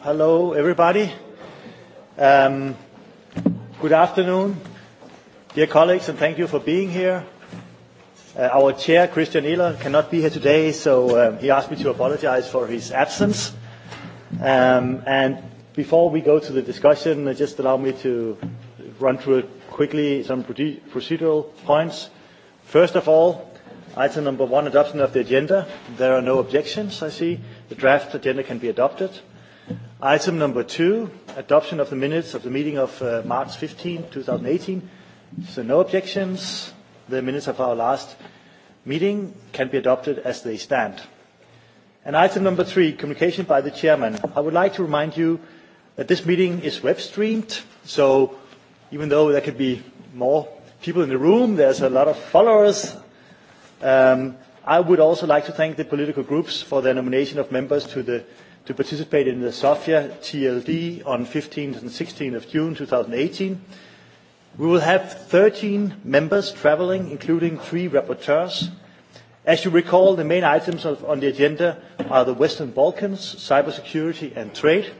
Hello, everybody. Um, good afternoon, dear colleagues, and thank you for being here. our chair, Christian Ehler, cannot be here today, so he asked me to apologize for his absence. Um, and before we go to the discussion, just allow me to run through quickly some procedural points. First of all, item number one, adoption of the agenda. There are no objections, I see. The draft agenda can be adopted. Item number two, adoption of the minutes of the meeting of March 15, 2018. So no objections. The minutes of our last meeting can be adopted as they stand. And item number three, communication by the chairman. I would like to remind you that this meeting is web streamed, so even though there could be more people in the room, there's a lot of followers. I would also like to thank the political groups for their nomination of members to the to participate in the Sofia TLD on 15th and 16th of June 2018. We will have 13 members traveling, including three rapporteurs. As you recall, the main items on the agenda are the Western Balkans, cybersecurity and trade.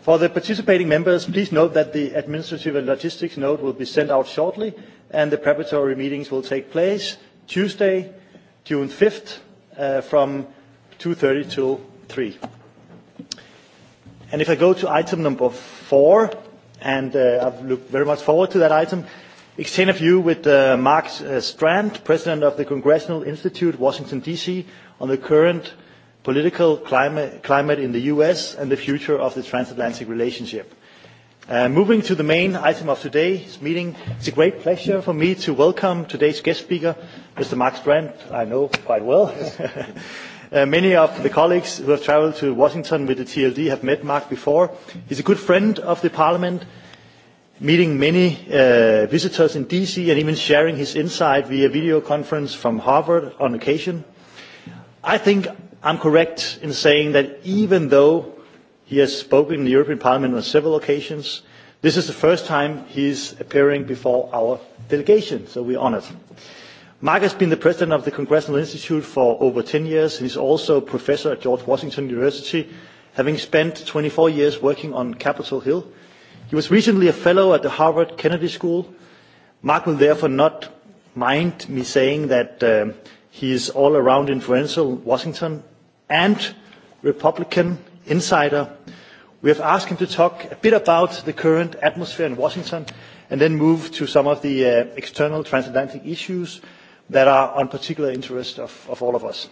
For the participating members, please note that the administrative and logistics note will be sent out shortly, and the preparatory meetings will take place Tuesday, June 5th, from 2.30 till three. And if I go to item number four, and I've looked very much forward to that item, exchange of view with Mark Strand, President of the Congressional Institute, Washington, D.C., on the current political climate in the U.S. and the future of the transatlantic relationship. Moving to the main item of today's meeting, it's a great pleasure for me to welcome today's guest speaker, Mr. Mark Strand, I know quite well. Many of the colleagues who have travelled to Washington with the TLD have met Mark before. He is a good friend of the Parliament, meeting many visitors in DC and even sharing his insight via video conference from Harvard on occasion. I think I am correct in saying that even though he has spoken in the European Parliament on several occasions, this is the first time he is appearing before our delegation, so we are honoured. Mark has been the president of the Congressional Institute for over 10 years and is also a professor at George Washington University, having spent 24 years working on Capitol Hill. He was recently a fellow at the Harvard Kennedy School. Mark will therefore not mind me saying that he is all-around influential Washington and Republican insider. We have asked him to talk a bit about the current atmosphere in Washington and then move to some of the external transatlantic issues that are on particular interest of all of us.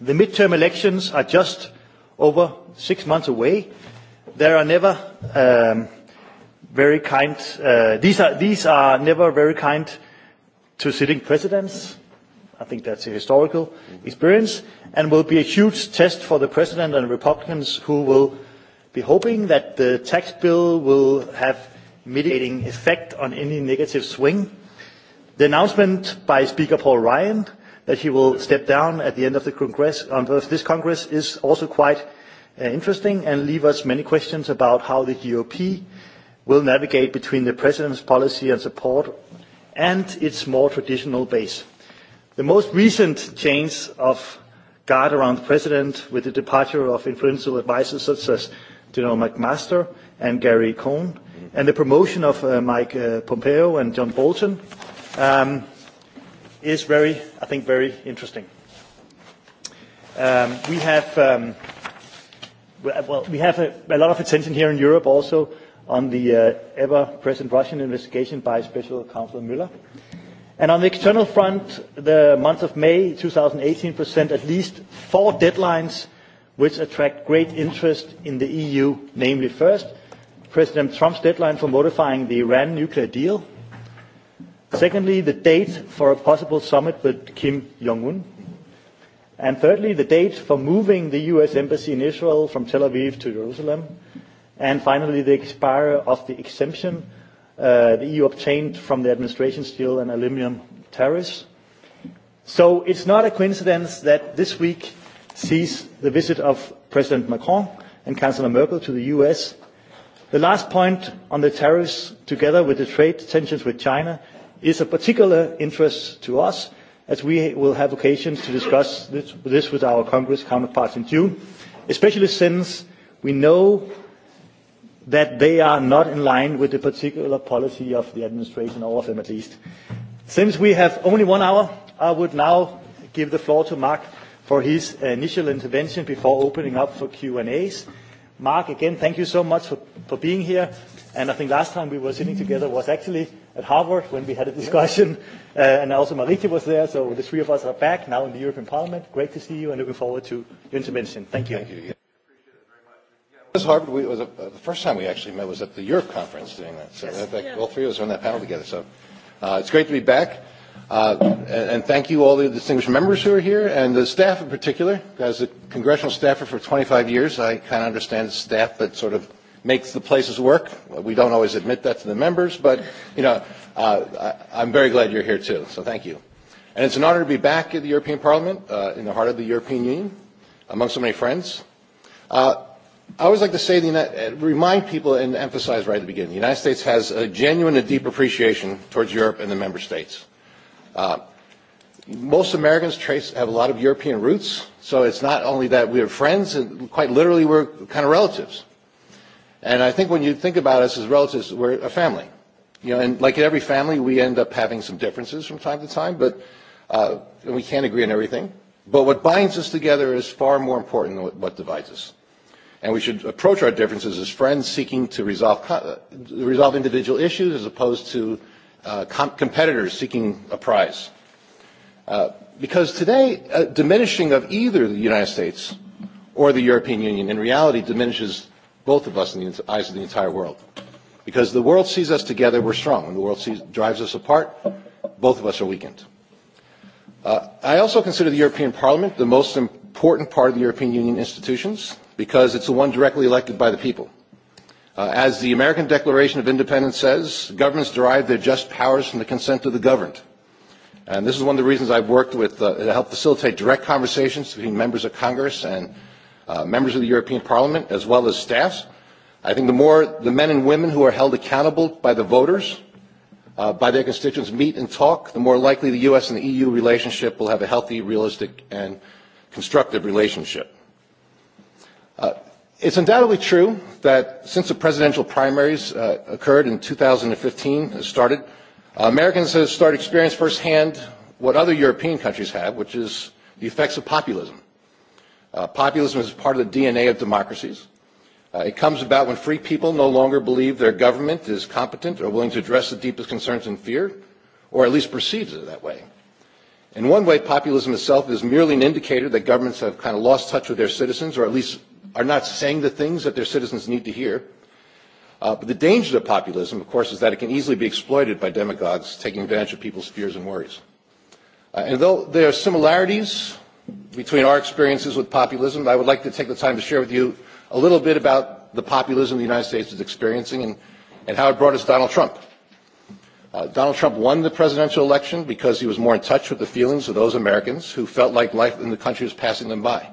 The midterm elections are just over six months away. There are never very kind these are these are never very kind to sitting presidents. I think that's a historical experience and will be a huge test for the President and Republicans who will be hoping that the tax bill will have mitigating effect on any negative swing The announcement by Speaker Paul Ryan that he will step down at the end of this Congress is also quite interesting and leaves us many questions about how the GOP will navigate between the President's policy and support and its more traditional base. The most recent change of guard around the President with the departure of influential advisors such as General McMaster and Gary Cohn and the promotion of Mike Pompeo and John Bolton is very, I think, very interesting. We have, well, we have a lot of attention here in Europe also on the ever-present Russian investigation by Special Counsel Mueller. And on the external front, the month of May 2018 present at least four deadlines which attract great interest in the EU, namely first, President Trump's deadline for modifying the Iran nuclear deal, Secondly, the date for a possible summit with Kim Jong-un. And thirdly, the date for moving the U.S. Embassy in Israel from Tel Aviv to Jerusalem. And finally, the expiry of the exemption the EU obtained from the administration steel and aluminium tariffs. So it's not a coincidence that this week sees the visit of President Macron and Chancellor Merkel to the U.S. The last point on the tariffs, together with the trade tensions with China, is of particular interest to us as we will have occasions to discuss this with our Congress counterparts in June, especially since we know that they are not in line with the particular policy of the administration, all of them at least. Since we have only one hour, I would now give the floor to Mark for his initial intervention before opening up for Q&As. Mark, again, thank you so much for being here. And I think last time we were sitting together was actually at Harvard when we had a discussion. and also Marike was there, so the three of us are back now in the European Parliament. Great to see you and looking forward to your intervention. Thank you. Thank you. Appreciate it very the first time we actually met was at the Europe conference doing that. So all three of us were on that panel together. So it's great to be back. and thank you all the distinguished members who are here and the staff in particular. As a congressional staffer for 25 years, I kind of understand staff but sort of makes the places work. We don't always admit that to the members, but you know, uh, I'm very glad you're here too. So thank you. And it's an honor to be back at the European Parliament, uh, in the heart of the European Union, among so many friends. Uh, I always like to say, the, remind people and emphasize right at the beginning, the United States has a genuine and deep appreciation towards Europe and the member states. most Americans trace have a lot of European roots, so it's not only that we are friends, and quite literally we're kind of relatives. And I think when you think about us as relatives, we're a family. You know, and like in every family, we end up having some differences from time to time, but and we can't agree on everything. But what binds us together is far more important than what divides us. And we should approach our differences as friends seeking to resolve, individual issues as opposed to competitors seeking a prize. because today, diminishing of either the United States or the European Union in reality diminishes both of us in the eyes of the entire world. Because the world sees us together, we're strong. When the world sees, drives us apart, both of us are weakened. I also consider the European Parliament the most important part of the European Union institutions because it's the one directly elected by the people. As the American Declaration of Independence says, governments derive their just powers from the consent of the governed. And this is one of the reasons I've worked with to help facilitate direct conversations between members of Congress and members of the European Parliament, as well as staffs. I think the more the men and women who are held accountable by the voters, by their constituents, meet and talk, the more likely the U.S. and the EU relationship will have a healthy, realistic, and constructive relationship. It's undoubtedly true that since the presidential primaries occurred in 2015, started, Americans have started to experience firsthand what other European countries have, which is the effects of populism. Populism is part of the DNA of democracies. It comes about when free people no longer believe their government is competent or willing to address the deepest concerns and fear, or at least perceives it that way. In one way, populism itself is merely an indicator that governments have kind of lost touch with their citizens, or at least are not saying the things that their citizens need to hear. But the danger of populism, of course, is that it can easily be exploited by demagogues taking advantage of people's fears and worries. And though there are similarities between our experiences with populism. I would like to take the time to share with you a little bit about the populism the United States is experiencing and, and how it brought us Donald Trump. Donald Trump won the presidential election because he was more in touch with the feelings of those Americans who felt like life in the country was passing them by.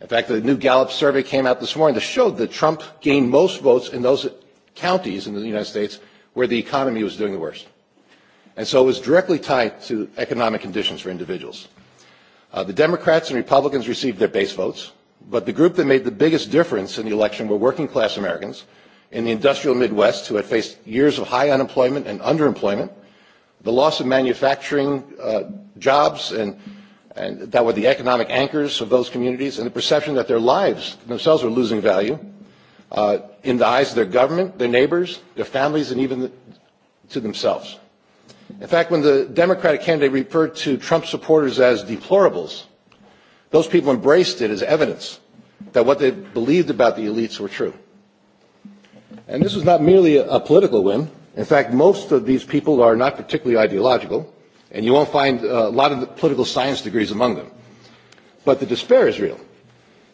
In fact, the new Gallup survey came out this morning that showed that Trump gained most votes in those counties in the United States where the economy was doing the worst. And so it was directly tied to economic conditions for individuals. The Democrats and Republicans received their base votes, but the group that made the biggest difference in the election were working-class Americans in the industrial Midwest who had faced years of high unemployment and underemployment, the loss of manufacturing jobs and that were the economic anchors of those communities, and the perception that their lives themselves were losing value in the eyes of their government, their neighbors, their families, and even to themselves. In fact, when the Democratic candidate referred to Trump supporters as deplorables, those people embraced it as evidence that what they believed about the elites were true. And this was not merely a political win. In fact, most of these people are not particularly ideological, and you won't find a lot of political science degrees among them. But the despair is real.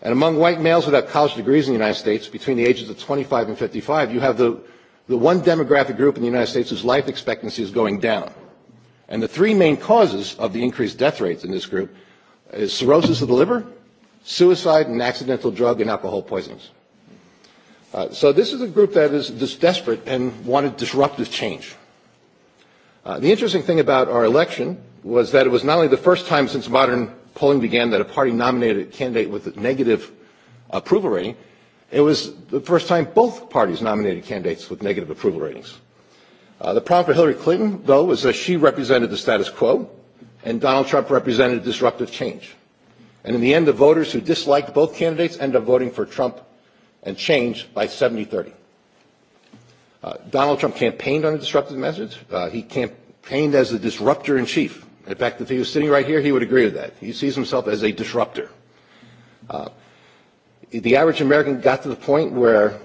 And among white males without college degrees in the United States, between the ages of 25 and 55, you have the the one demographic group in the United States whose life expectancy is going down. And the three main causes of the increased death rates in this group is cirrhosis of the liver, suicide, and accidental drug and alcohol poisons. So this is a group that is desperate and wanted disruptive change. The interesting thing about our election was that it was not only the first time since modern polling began that a party nominated a candidate with a negative approval rating, It was the first time both parties nominated candidates with negative approval ratings. The problem for Hillary Clinton, though, was that she represented the status quo, and Donald Trump represented disruptive change. And in the end, the voters who disliked both candidates ended up voting for Trump and change by 70-30. Donald Trump campaigned on a disruptive message. He campaigned as the disruptor-in-chief. In fact, if he was sitting right here, he would agree with that. He sees himself as a disruptor the average American got to the point where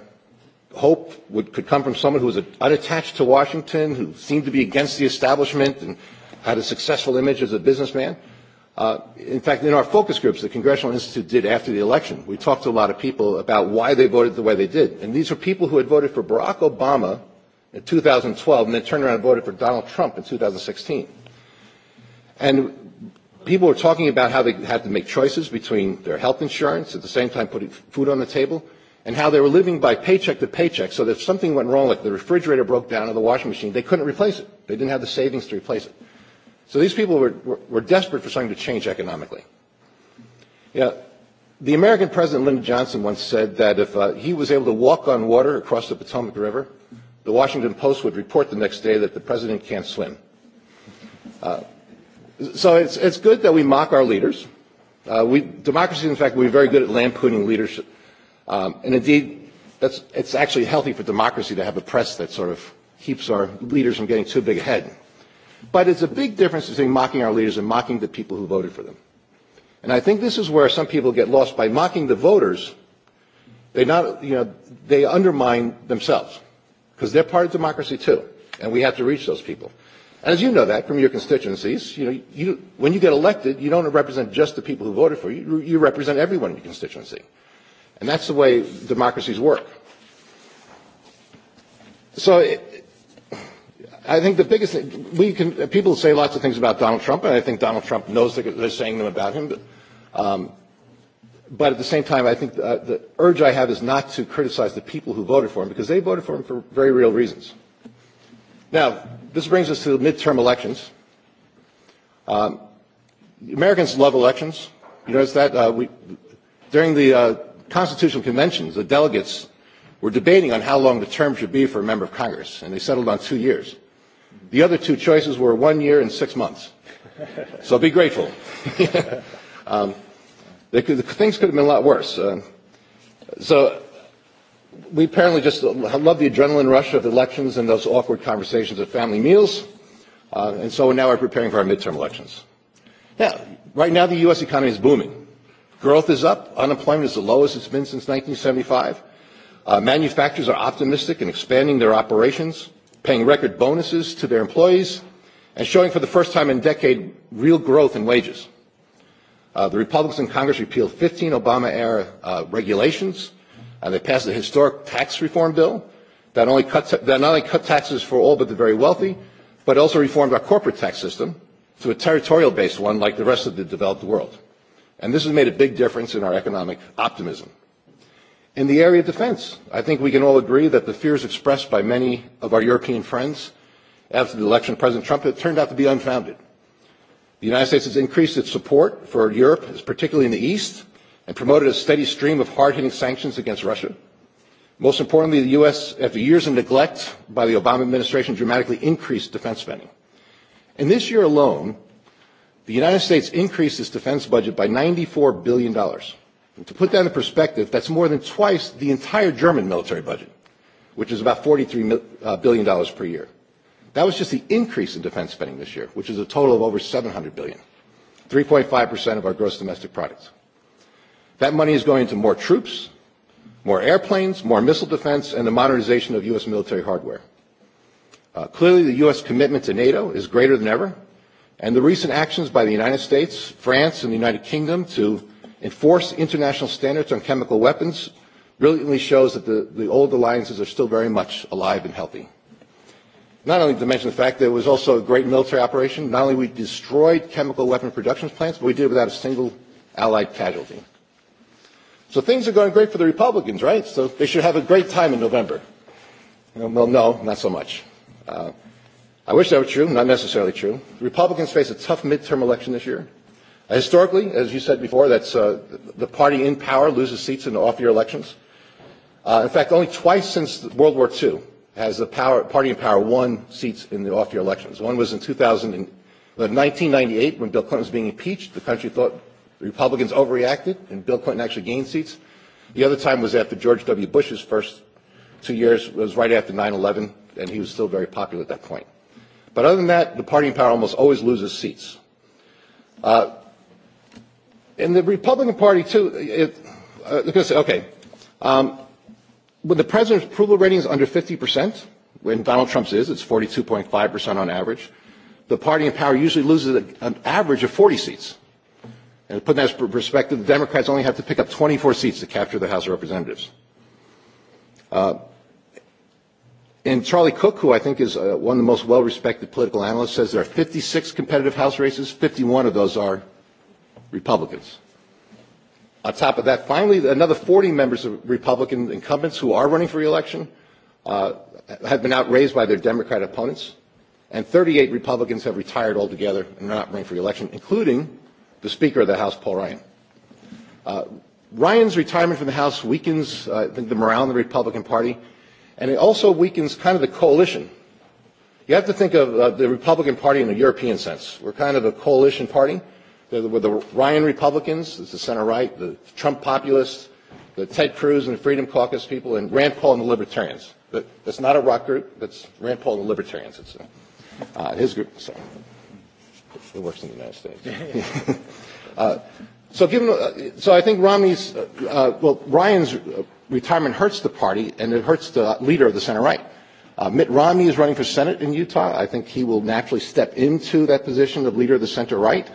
hope would, could come from someone who was unattached to Washington, who seemed to be against the establishment and had a successful image as a businessman. In fact, in our focus groups, the Congressional Institute did after the election, we talked to a lot of people about why they voted the way they did. And these were people who had voted for Barack Obama in 2012 and then turned around and voted for Donald Trump in 2016. And People were talking about how they had to make choices between their health insurance, at the same time putting food on the table, and how they were living by paycheck to paycheck, so that if something went wrong, like the refrigerator broke down or the washing machine, they couldn't replace it. They didn't have the savings to replace it. So these people were, desperate for something to change economically. the American President Lyndon Johnson once said that if he was able to walk on water across the Potomac River, the Washington Post would report the next day that the president can't swim. So it's, it's good that we mock our leaders. Uh, we, democracy, in fact, we're very good at lampooning leadership. Um, and indeed, that's, it's actually healthy for democracy to have a press that sort of keeps our leaders from getting too big ahead. But it's a big difference between mocking our leaders and mocking the people who voted for them. And I think this is where some people get lost by mocking the voters. They not, you know, they undermine themselves because they're part of democracy too, and we have to reach those people. As you know that from your constituencies, you know, you, when you get elected, you don't represent just the people who voted for you. You represent everyone in your constituency. And that's the way democracies work. So it, I think the biggest thing, we can, people say lots of things about Donald Trump, and I think Donald Trump knows that they're saying them about him. But, um, but at the same time, I think the urge I have is not to criticize the people who voted for him, because they voted for him for very real reasons. Now, this brings us to the midterm elections. Um, Americans love elections. You notice that uh, we, during the uh, Constitutional Conventions, the delegates were debating on how long the term should be for a member of Congress, and they settled on two years. The other two choices were one year and six months. So be grateful. um, they could, things could have been a lot worse. Uh, so we apparently just love the adrenaline rush of elections and those awkward conversations at family meals. and so now we're preparing for our midterm elections. Now, right now the U.S. economy is booming. Growth is up. Unemployment is the lowest it's been since 1975. manufacturers are optimistic in expanding their operations, paying record bonuses to their employees, and showing for the first time in a decade real growth in wages. the Republicans in Congress repealed 15 Obama-era uh, regulations – They passed a historic tax reform bill that only that not only cut taxes for all but the very wealthy, but also reformed our corporate tax system to a territorial-based one like the rest of the developed world. And this has made a big difference in our economic optimism. In the area of defense, I think we can all agree that the fears expressed by many of our European friends after the election of President Trump have turned out to be unfounded. The United States has increased its support for Europe, particularly in the East, and promoted a steady stream of hard-hitting sanctions against Russia. Most importantly, the U.S., after years of neglect by the Obama administration, dramatically increased defense spending. And this year alone, the United States increased its defense budget by $94 billion. To put that in perspective, that's more than twice the entire German military budget, which is about $43 billion per year. That was just the increase in defense spending this year, which is a total of over $700 billion, 3.5% of our gross domestic products. That money is going to more troops, more airplanes, more missile defense, and the modernization of U.S. military hardware. Clearly, the U.S. commitment to NATO is greater than ever, and the recent actions by the United States, France, and the United Kingdom to enforce international standards on chemical weapons brilliantly shows that the old alliances are still very much alive and healthy. Not only to mention the fact that it was also a great military operation, not only we destroyed chemical weapon production plants, but we did it without a single allied casualty. So things are going great for the Republicans, right? So they should have a great time in November. Well, no, not so much. I wish that were true, not necessarily true. The Republicans face a tough midterm election this year. Historically, as you said before, that's the party in power loses seats in the off-year elections. In fact, only twice since World War II has the party in power won seats in the off-year elections. One was in 1998 when Bill Clinton was being impeached. The country thought Republicans overreacted, and Bill Clinton actually gained seats. The other time was after George W. Bush's first two years, it was right after 9-11, and he was still very popular at that point. But other than that, the party in power almost always loses seats. In the Republican Party, too, it, uh, because, okay, when the president's approval rating is under 50%, when Donald Trump's is, it's 42.5% on average, the party in power usually loses an average of 40 seats. And put that in perspective, the Democrats only have to pick up 24 seats to capture the House of Representatives. And Charlie Cook, who I think is one of the most well-respected political analysts, says there are 56 competitive House races. 51 of those are Republicans. On top of that, finally, another 40 members of Republican incumbents who are running for reelection have been outraised by their Democrat opponents. And 38 Republicans have retired altogether and are not running for re-election, including the Speaker of the House, Paul Ryan. Ryan's retirement from the House weakens, I think, the morale in the Republican Party, and it also weakens kind of the coalition. You have to think of the Republican Party in a European sense. We're kind of a coalition party. were the Ryan Republicans, it's the center-right, the Trump populists, the Ted Cruz and the Freedom Caucus people, and Rand Paul and the Libertarians. That's not a rock group. That's Rand Paul and the Libertarians. It's his group it works in the United States. so given, so I think Romney's, well, Ryan's retirement hurts the party and it hurts the leader of the center right. Mitt Romney is running for Senate in Utah. I think he will naturally step into that position of leader of the center right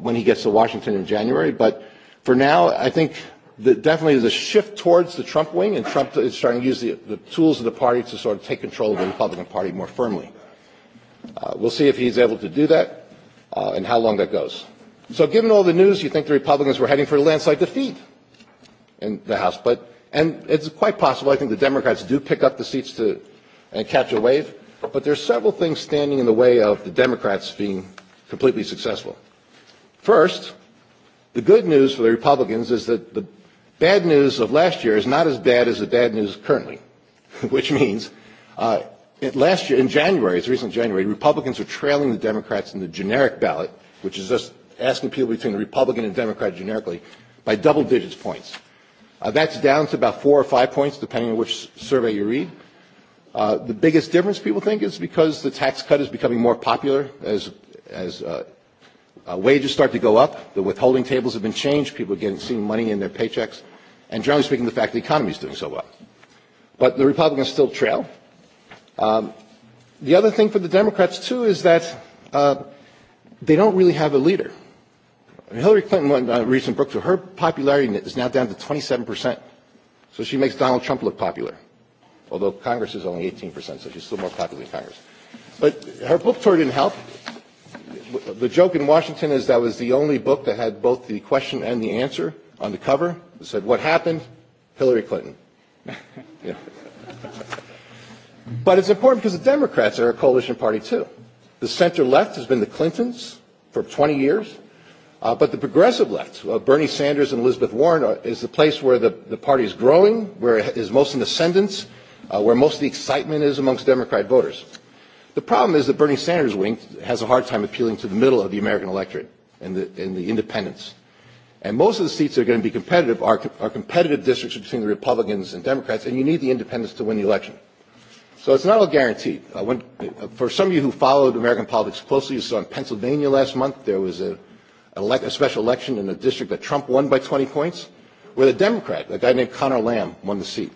when he gets to Washington in January. But for now, I think that definitely is a shift towards the Trump wing, and Trump is starting to use the, tools of the party to sort of take control of the Republican Party more firmly. we'll see if he's able to do that and how long that goes. So given all the news, you think the Republicans were heading for a landslide defeat in the House. But, and it's quite possible, I think the Democrats do pick up the seats to, and catch a wave. But there are several things standing in the way of the Democrats being completely successful. First, the good news for the Republicans is that the bad news of last year is not as bad as the bad news currently, which means uh, last year in January, it's recent January, Republicans were trailing the Democrats in the generic ballot, which is just asking people between the Republican and Democrat generically, by double digits points. That's down to about four or five points, depending on which survey you read. The biggest difference, people think, is because the tax cut is becoming more popular as as wages start to go up, the withholding tables have been changed, people are getting seeing money in their paychecks, and generally speaking, the fact the economy is doing so well. But the Republicans still trail. The other thing for the Democrats, too, is that they don't really have a leader. Hillary Clinton, recent tour, her popularity is now down to 27%. So she makes Donald Trump look popular, although Congress is only 18%, so she's still more popular than Congress. But her book tour didn't help. The joke in Washington is that was the only book that had both the question and the answer on the cover. It said, what happened? Hillary Clinton. But it's important because the Democrats are a coalition party too. The center left has been the Clintons for 20 years, but the progressive left, Bernie Sanders and Elizabeth Warren, is the place where the, the party is growing, where it is most in ascendance, where most of the excitement is amongst Democrat voters. The problem is that Bernie Sanders' wing has a hard time appealing to the middle of the American electorate and the, and the independents. And most of the seats that are going to be competitive are, are competitive districts between the Republicans and Democrats, and you need the independents to win the election. So it's not all guaranteed. For some of you who followed American politics closely, you saw in Pennsylvania last month there was a special election in a district that Trump won by 20 points, where the Democrat, a guy named Connor Lamb, won the seat.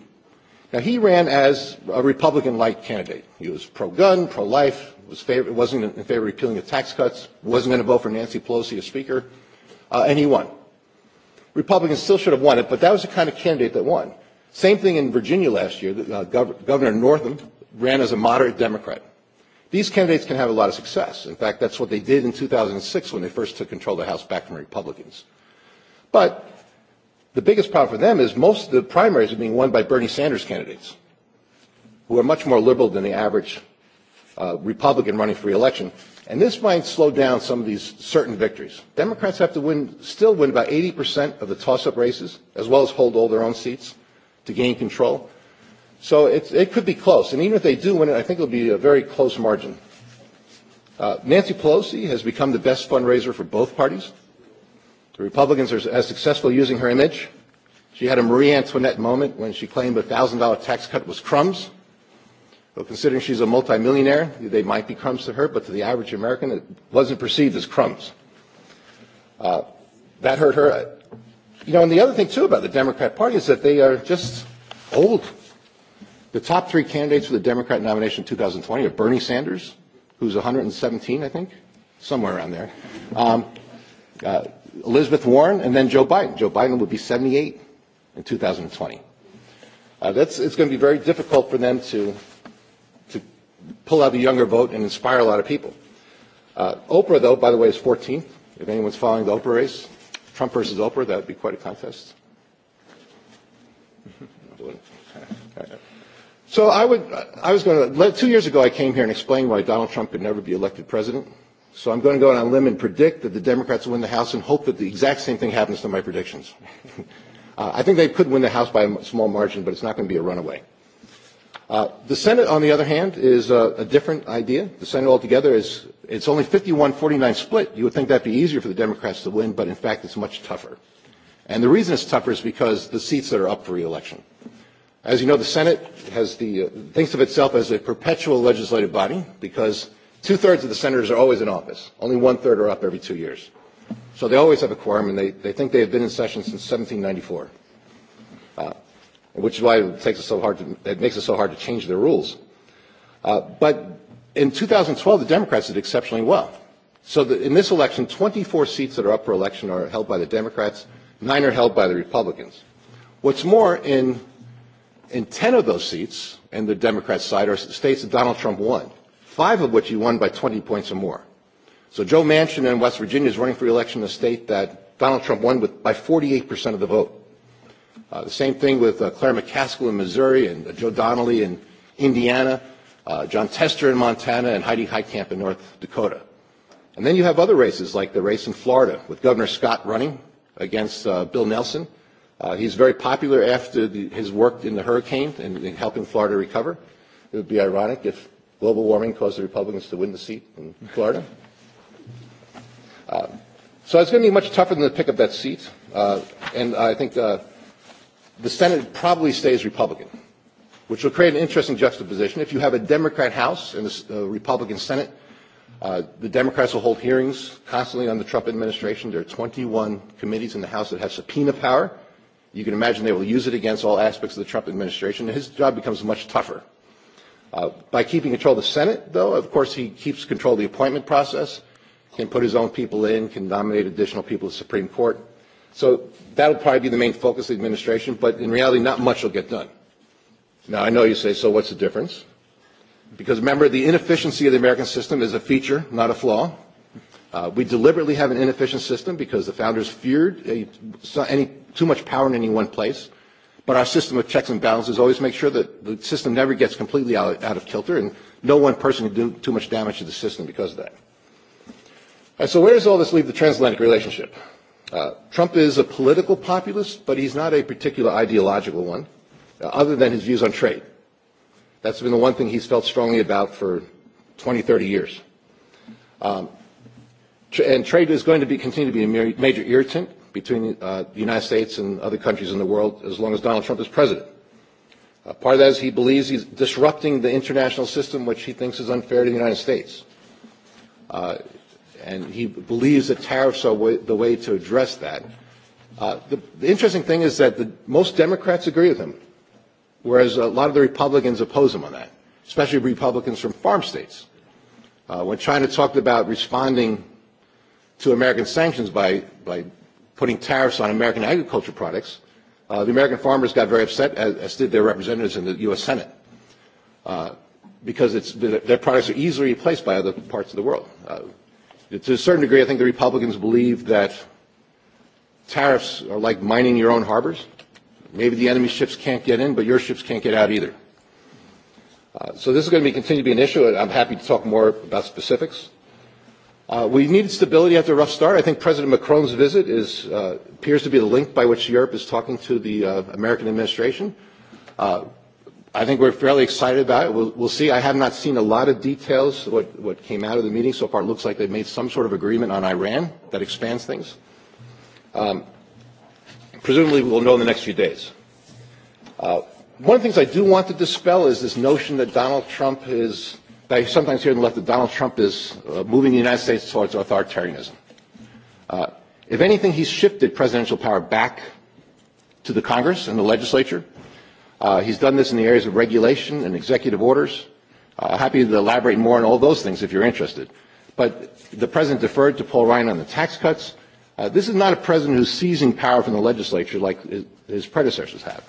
Now, he ran as a Republican-like candidate. He was pro-gun, pro-life, wasn't in favor of repealing the tax cuts, wasn't going to vote for Nancy Pelosi as Speaker, and he won. Republicans still should have won it, but that was the kind of candidate that won. Same thing in Virginia last year. Governor Northam ran as a moderate Democrat. These candidates can have a lot of success. In fact, that's what they did in 2006 when they first took control of the House back from Republicans. But the biggest problem for them is most of the primaries are being won by Bernie Sanders candidates, who are much more liberal than the average Republican running for re-election. And this might slow down some of these certain victories. Democrats have to win, still win about 80% of the toss-up races, as well as hold all their own seats to gain control. So it, it could be close. And even if they do win it, I think it'll be a very close margin. Uh, Nancy Pelosi has become the best fundraiser for both parties. The Republicans are as successful using her image. She had a Marie Antoinette moment when she claimed a $1,000 tax cut was crumbs. Well, considering she's a multimillionaire, they might be crumbs to her, but to the average American, it wasn't perceived as crumbs. Uh, that hurt her. You know, and the other thing, too, about the Democrat Party is that they are just old. The top three candidates for the Democrat nomination in 2020 are Bernie Sanders, who's 117, I think, somewhere around there, um, Elizabeth Warren, and then Joe Biden. Joe Biden will be 78 in 2020. Uh, that's, it's going to be very difficult for them to, to pull out the younger vote and inspire a lot of people. Uh, Oprah, though, by the way, is 14 If anyone's following the Oprah race, Trump versus Oprah, that would be quite a contest. So I would, I was going to, two years ago I came here and explained why Donald Trump could never be elected president. So I'm going to go on a limb and predict that the Democrats will win the House and hope that the exact same thing happens to my predictions. I think they could win the House by a small margin, but it's not going to be a runaway. The Senate, on the other hand, is a different idea. The Senate altogether is it's only 51-49 split. You would think that'd be easier for the Democrats to win, but in fact it's much tougher. And the reason it's tougher is because the seats that are up for re-election. As you know, the Senate has the thinks of itself as a perpetual legislative body because two-thirds of the senators are always in office. Only one-third are up every two years. So they always have a quorum, and they, they think they have been in session since 1794 which is why it takes us so hard to, it makes it so hard to change their rules. Uh, but in 2012, the Democrats did exceptionally well. So in this election, 24 seats that are up for election are held by the Democrats, nine are held by the Republicans. What's more, in, in 10 of those seats, in the Democrats' side, are states that Donald Trump won, five of which he won by 20 points or more. So Joe Manchin in West Virginia is running for election in a state that Donald Trump won with, by 48% of the vote. The same thing with Claire McCaskill in Missouri and Joe Donnelly in Indiana, John Tester in Montana, and Heidi Heitkamp in North Dakota. And then you have other races like the race in Florida with Governor Scott running against Bill Nelson. He's very popular after his work in the hurricane and in helping Florida recover. It would be ironic if global warming caused the Republicans to win the seat in Florida. So it's going to be much tougher than to pick up that seat. And I think the Senate probably stays Republican, which will create an interesting juxtaposition. If you have a Democrat House and a Republican Senate, the Democrats will hold hearings constantly on the Trump administration. There are 21 committees in the House that have subpoena power. You can imagine they will use it against all aspects of the Trump administration. His job becomes much tougher. By keeping control of the Senate, though, of course, he keeps control of the appointment process, can put his own people in, can nominate additional people to the Supreme Court. So that'll probably be the main focus of the administration, but in reality, not much will get done. Now, I know you say, so what's the difference? Because remember, the inefficiency of the American system is a feature, not a flaw. We deliberately have an inefficient system because the founders feared any too much power in any one place. But our system of checks and balances always makes sure that the system never gets completely out of kilter, and no one person can do too much damage to the system because of that. So where does all this leave the transatlantic relationship? Trump is a political populist, but he's not a particular ideological one, other than his views on trade. That's been the one thing he's felt strongly about for 20, 30 years. And trade is going to be continue to be a major irritant between the United States and other countries in the world as long as Donald Trump is president. Part of that is he believes he's disrupting the international system, which he thinks is unfair to the United States and he believes that tariffs are the way to address that. The interesting thing is that most Democrats agree with him, whereas a lot of the Republicans oppose him on that, especially Republicans from farm states. When China talked about responding to American sanctions by putting tariffs on American agriculture products, the American farmers got very upset, as did their representatives in the U.S. Senate, because their products are easily replaced by other parts of the world to a certain degree, I think the Republicans believe that tariffs are like mining your own harbors. Maybe the enemy ships can't get in, but your ships can't get out either. So this is going to continue to be an issue. I'm happy to talk more about specifics. We needed stability after a rough start. I think President Macron's visit is appears to be the link by which Europe is talking to the American administration. I think we're fairly excited about it. We'll, see. I have not seen a lot of details. What, what came out of the meeting so far it looks like they've made some sort of agreement on Iran that expands things. Um, presumably, we'll know in the next few days. Uh, one of the things I do want to dispel is this notion that Donald Trump is, that I sometimes hear on the left, that Donald Trump is moving the United States towards authoritarianism. Uh, if anything, he's shifted presidential power back to the Congress and the legislature He's done this in the areas of regulation and executive orders. Happy to elaborate more on all those things if you're interested. But the President deferred to Paul Ryan on the tax cuts. This is not a President who's seizing power from the legislature like his predecessors have.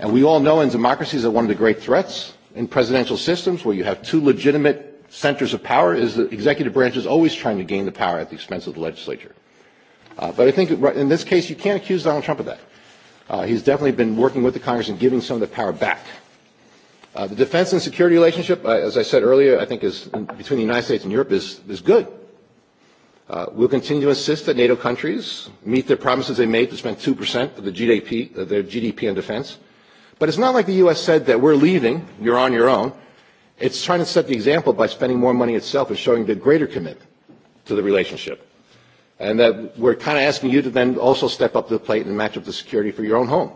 And we all know in democracies that one of the great threats in presidential systems where you have two legitimate centers of power is the executive branch is always trying to gain the power at the expense of the legislature. But I think in this case you can't accuse Donald Trump of that. He's definitely been working with the Congress and giving some of the power back. The defense and security relationship, as I said earlier, I think is between the United States and Europe is is good. We'll continue to insist that NATO countries meet their promises they made to spend 2% of the GDP, their GDP on defense. But it's not like the U.S. said that we're leaving, you're on your own. It's trying to set the example by spending more money itself and showing the greater commitment to the relationship. And that we're kind of asking you to then also step up to the plate and match up the security for your own home.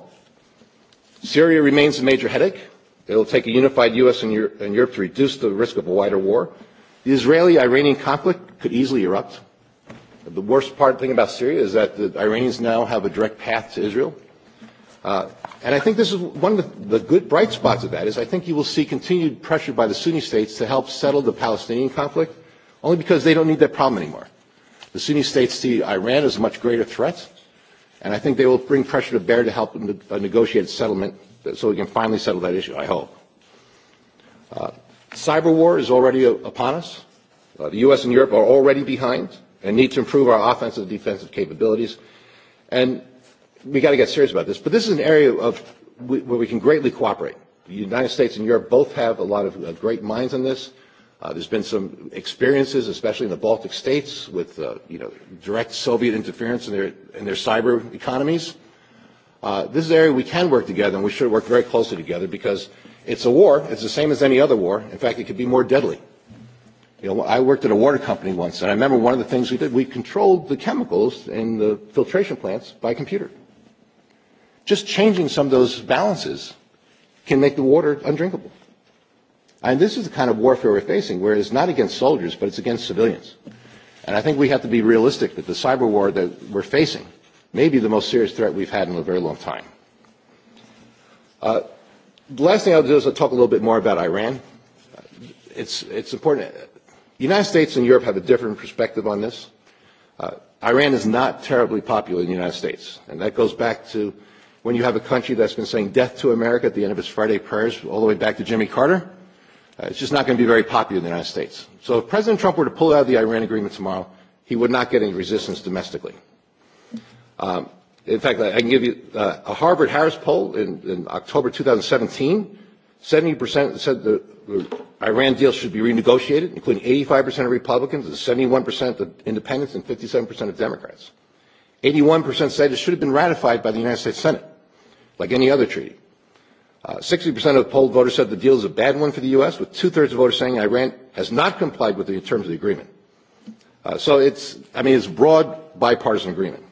Syria remains a major headache. It will take a unified U.S. and Europe to reduce the risk of a wider war. The Israeli-Iranian conflict could easily erupt. The worst part thing about Syria is that the Iranians now have a direct path to Israel. And I think this is one of the good bright spots of that is I think you will see continued pressure by the Sunni states to help settle the Palestinian conflict, only because they don't need that problem anymore. The Sunni states see Iran as a much greater threat, and I think they will bring pressure to bear to help negotiate settlement so we can finally settle that issue, I hope. Cyber war is already upon us. The U.S. and Europe are already behind and need to improve our offensive and defensive capabilities. And we've got to get serious about this. But this is an area of where we can greatly cooperate. The United States and Europe both have a lot of great minds on this. There's been some experiences, especially in the Baltic states, with you know direct Soviet interference in their their cyber economies. This is an area we can work together, and we should work very closely together because it's a war. It's the same as any other war. In fact, it could be more deadly. You know, I worked at a water company once, and I remember one of the things we did, we controlled the chemicals in the filtration plants by computer. Just changing some of those balances can make the water undrinkable. And this is the kind of warfare we're facing, where it's not against soldiers, but it's against civilians. And I think we have to be realistic that the cyber war that we're facing may be the most serious threat we've had in a very long time. The last thing I'll do is I'll talk a little bit more about Iran. It's it's important. The United States and Europe have a different perspective on this. Uh Iran is not terribly popular in the United States. And that goes back to when you have a country that's been saying death to America at the end of its Friday prayers all the way back to Jimmy Carter. It's just not going to be very popular in the United States. So if President Trump were to pull out of the Iran agreement tomorrow, he would not get any resistance domestically. In fact, I can give you a Harvard-Harris poll in October 2017. 70% said the Iran deal should be renegotiated, including 85% of Republicans and 71% of independents and 57% of Democrats. 81% said it should have been ratified by the United States Senate, like any other treaty. 60% of polled voters said the deal is a bad one for the U.S., with two-thirds of voters saying Iran has not complied with the terms of the agreement. So it's, I mean, it's broad bipartisan agreement.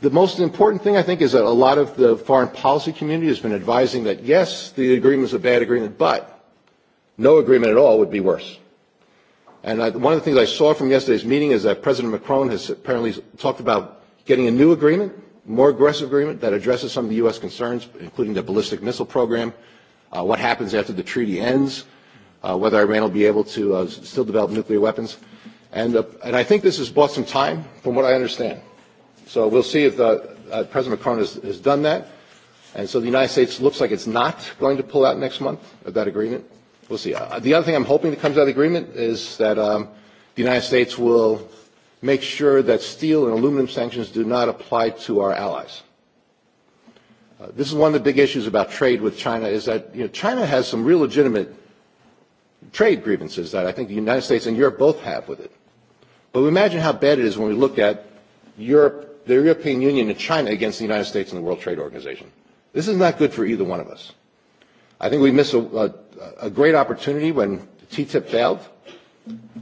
The most important thing, I think, is that a lot of the foreign policy community has been advising that, yes, the agreement is a bad agreement, but no agreement at all would be worse. And one of the things I saw from yesterday's meeting is that President Macron has apparently talked about getting a new agreement more aggressive agreement that addresses some of the U.S. concerns, including the ballistic missile program, what happens after the treaty ends, whether Iran will be able to still develop nuclear weapons. And I think this has bought some time, from what I understand. So we'll see if President Macron has done that. And so the United States looks like it's not going to pull out next month of that agreement. We'll see. The other thing I'm hoping that comes out of the agreement is that the United States will make sure that steel and aluminum sanctions do not apply to our allies. This is one of the big issues about trade with China is that China has some real legitimate trade grievances that I think the United States and Europe both have with it. But imagine how bad it is when we look at Europe, the European Union and China against the United States and the World Trade Organization. This is not good for either one of us. I think we miss a great opportunity when TTIP failed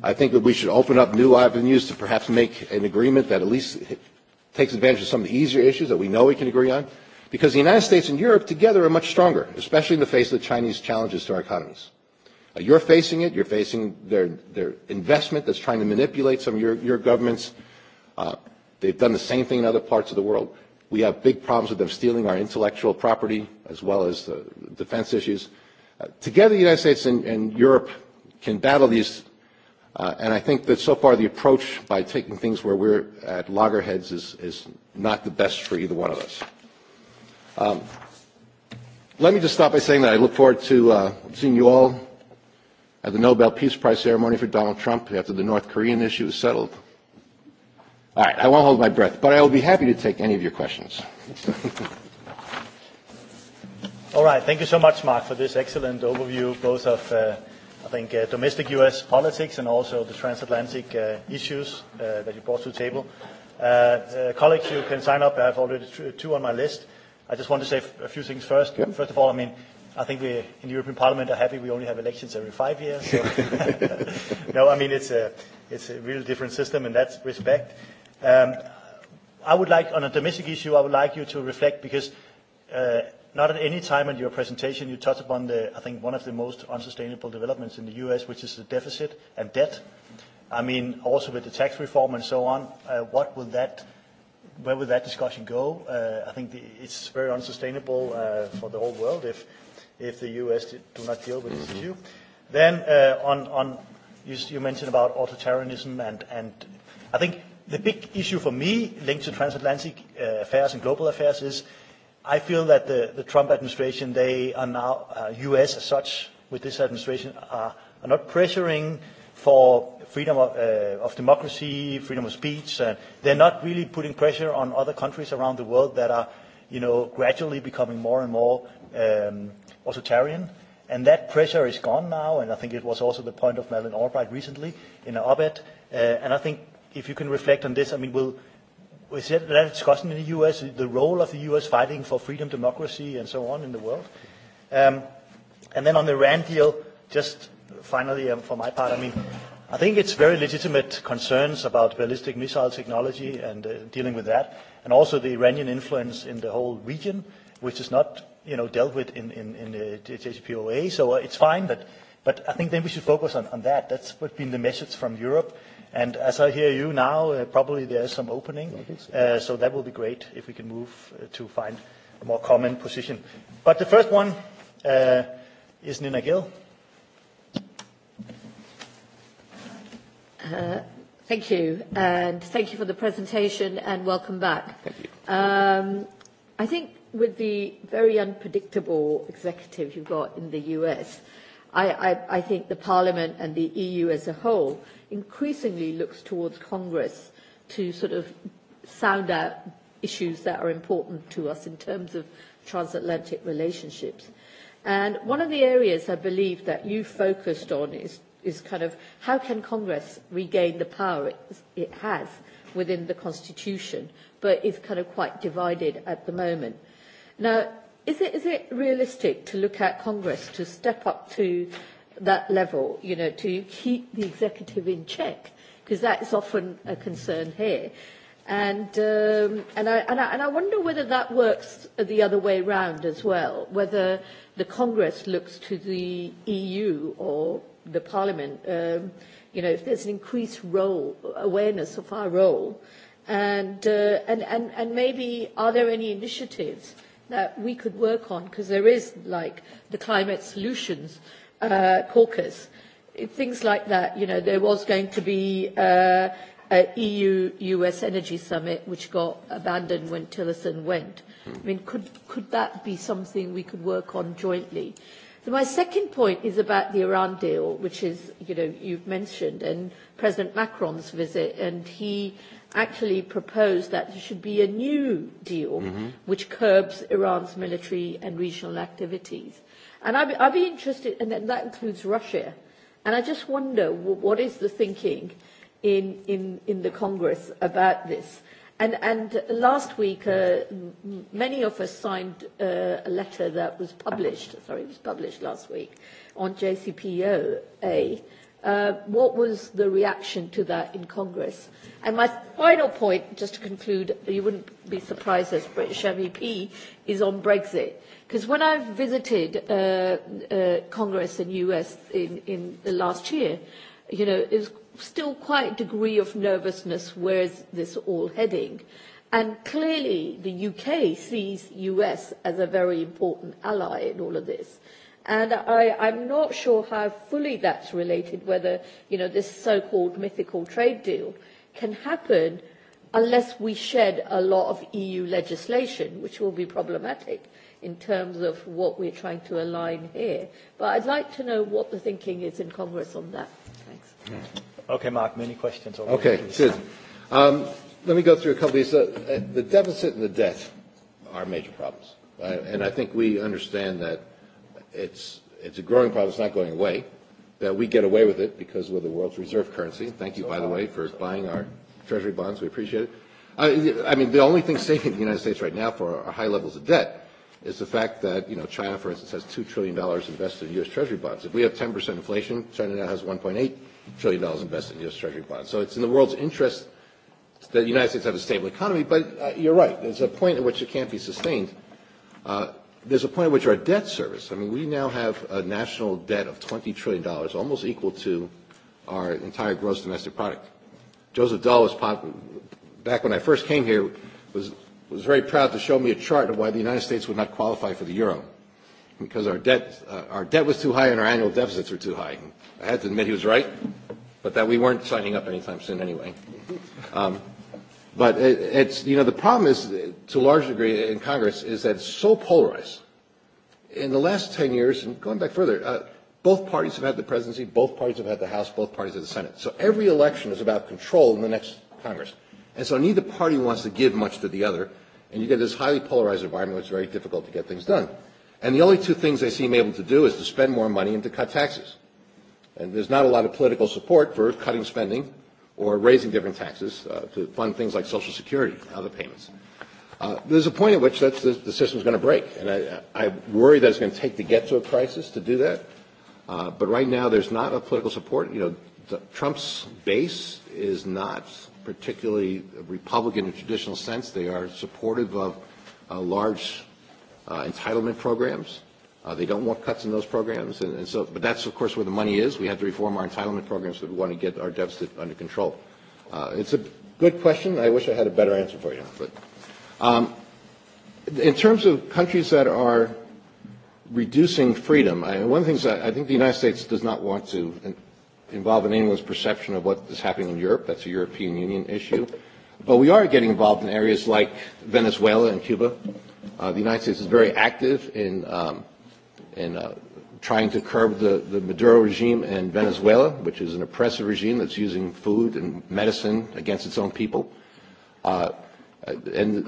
I think that we should open up new avenues to perhaps make an agreement that at least takes advantage of some of the easier issues that we know we can agree on, because the United States and Europe together are much stronger, especially in the face of the Chinese challenges to our economies. You're facing it. You're facing their, their investment that's trying to manipulate some of your, your governments. they've done the same thing in other parts of the world. We have big problems with them stealing our intellectual property as well as defense issues. Together, the United States and Europe can battle these And I think that so far the approach by taking things where we're at loggerheads is is not the best for either one of us. Let me just stop by saying that I look forward to seeing you all at the Nobel Peace Prize ceremony for Donald Trump after the North Korean issue is settled. All right, I won't hold my breath, but I will be happy to take any of your questions. All right, thank you so much, Mark, for this excellent overview, both of think domestic U.S. politics and also the transatlantic issues that you brought to the table. Colleagues, you can sign up. I have already two on my list. I just want to say a few things first. First of all, I mean, I think we in the European Parliament are happy we only have elections every five years. No, I mean, it's a real different system in that respect. I would like, on a domestic issue, I would like you to reflect because Not at any time in your presentation you touch upon the, I think, one of the most unsustainable developments in the U.S., which is the deficit and debt. I mean, also with the tax reform and so on, what will that, where will that discussion go? I think it's very unsustainable for the whole world if, if the U.S. do not deal with this issue. Then on, on you, you mentioned about authoritarianism and, and I think the big issue for me linked to transatlantic affairs and global affairs is I feel that the, the Trump administration, they are now, uh, U.S. as such, with this administration, are, are not pressuring for freedom of, uh, of democracy, freedom of speech. And they're not really putting pressure on other countries around the world that are, you know, gradually becoming more and more um, authoritarian. And that pressure is gone now, and I think it was also the point of Madeleine Albright recently in an op-ed. Uh, and I think if you can reflect on this, I mean, we'll we said that discussion in the U.S. the role of the U.S. fighting for freedom, democracy, and so on in the world. Um, and then on the Iran deal, just finally um, for my part, I mean, I think it's very legitimate concerns about ballistic missile technology and dealing with that, and also the Iranian influence in the whole region, which is not, you know, dealt with in in, in the JCPOA. So it's fine, but but I think then we should focus on, on that. That's what's been the message from Europe And as I hear you now, probably there is some opening. So that will be great if we can move to find a more common position. But the first one is Nina Gill. Thank you. And thank you for the presentation and welcome back. Thank you. I think with the very unpredictable executive you've got in the U.S., I think the Parliament and the EU as a whole increasingly looks towards Congress to sort of sound out issues that are important to us in terms of transatlantic relationships. And one of the areas I believe that you focused on is is kind of how can Congress regain the power it has within the Constitution, but is kind of quite divided at the moment. Now, is it is it realistic to look at Congress to step up to that level, you know, to keep the executive in check? Because that is often a concern here. And um, and, I, and, I, and I wonder whether that works the other way around as well, whether the Congress looks to the EU or the Parliament, um, you know, if there's an increased role, awareness of our role, and, uh, and, and, and maybe are there any initiatives that we could work on because there is like the climate solutions caucus things like that you know there was going to be a eu us energy summit which got abandoned when tillerson went i mean could could that be something we could work on jointly my second point is about the iran deal which is you know you've mentioned and president macron's visit and he actually proposed that there should be a new deal which curbs Iran's military and regional activities. And I'd be interested, and that includes Russia. And I just wonder what is the thinking in in in the Congress about this. And and last week, many of us signed a letter that was published. Sorry, it was published last week on JCPOA What was the reaction to that in Congress? And my final point, just to conclude, you wouldn't be surprised as British MEP, is on Brexit. Because when I visited Congress in US in the last year, you know, it was still quite a degree of nervousness where is this all heading. And clearly the UK sees US as a very important ally in all of this. And I, I'm not sure how fully that's related, whether, you know, this so-called mythical trade deal can happen unless we shed a lot of EU legislation, which will be problematic in terms of what we're trying to align here. But I'd like to know what the thinking is in Congress on that. Thanks. Okay, Mark, many questions. Okay, good. Um, let me go through a couple of these. The deficit and the debt are major problems. And I think we understand that it's it's a growing problem. It's not going away. That we get away with it because we're the world's reserve currency. Thank you, by the way, for buying our treasury bonds. We appreciate it. I, I mean, the only thing saving the United States right now for our high levels of debt is the fact that, you know, China, for instance, has $2 trillion dollars invested in U.S. treasury bonds. If we have 10% inflation, China now has $1.8 trillion dollars invested in U.S. treasury bonds. So it's in the world's interest that the United States have a stable economy, but you're right. There's a point at which it can't be sustained there's a point at which our debt service, I mean, we now have a national debt of $20 trillion, almost equal to our entire gross domestic product. Joseph Dahl back when I first came here, was, was very proud to show me a chart of why the United States would not qualify for the euro, because our debt, our debt was too high and our annual deficits were too high. I had to admit he was right, but that we weren't signing up anytime soon anyway. But it's, you know, the problem is, to a large degree in Congress, is that it's so polarized. In the last 10 years, and going back further, both parties have had the presidency, both parties have had the House, both parties have the Senate. So every election is about control in the next Congress. And so neither party wants to give much to the other, and you get this highly polarized environment where it's very difficult to get things done. And the only two things they seem able to do is to spend more money and to cut taxes. And there's not a lot of political support for cutting spending or raising different taxes to fund things like Social Security and other payments. There's a point at which that's the system's going to break, and I worry that it's going to take to get to a crisis to do that. But right now, there's not a political support. You know, Trump's base is not particularly Republican in traditional sense. They are supportive of large entitlement programs. They don't want cuts in those programs, and so, but that's of course where the money is. We have to reform our entitlement programs if we want to get our deficit under control. It's a good question. I wish I had a better answer for you. But in terms of countries that are reducing freedom, one of the things I think the United States does not want to involve in anyone's perception of what is happening in Europe. That's a European Union issue. But we are getting involved in areas like Venezuela and Cuba. The United States is very active in in trying to curb the, Maduro regime in Venezuela, which is an oppressive regime that's using food and medicine against its own people. and